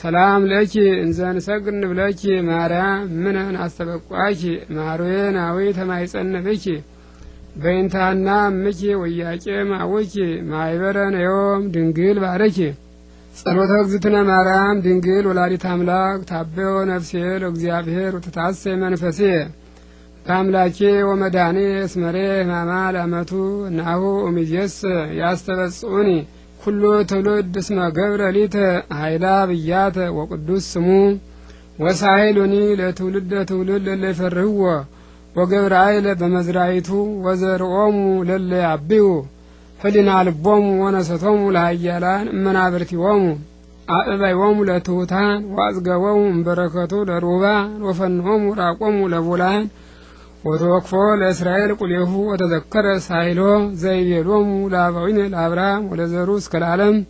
ሰላም ለኪ እንዘ ንሰግድ ማርያም ምነን አስተበቋኪ ማርዌናዊ ተማይጸንፍኪ በይንታና ምኪ ወያቄ ማውኪ ማይበረን ዮም ድንግል ባረኪ ጸሎተ እግዝእትነ ማርያም ድንግል ወላዲት አምላክ ታበዮ ነፍሴ ለእግዚአብሔር ወተታሴ መንፈሴ በአምላኬ ወመድኃኔ እስመሬ ሕማማ ላመቱ ናሁ ኡሚዜስ ያስተበጽኡኒ ሁሉ ትውልድ እስመ ገብረ ሊተ ሀይላ ብያተ ወቅዱስ ስሙ ወሳይሉኒ ለትውልደ ትውልድ ለለይፈርህዎ ወገብረ አይለ በመዝራይቱ ወዘርኦሙ ለለያብዩ ህሊና ልቦሙ ወነሰቶሙ ለሀያላን እመናብርቲዎሙ አእበይዎሙ ለትሑታን ወአጽገቦሙ እምበረከቱ ለሩባ ወፈንሆሙ ራቆሙ ለቡላን وروكفو لإسرائيل قل يهو وتذكر سايلو زي بيلومو لابعين الأبرام ولزروس كالعالم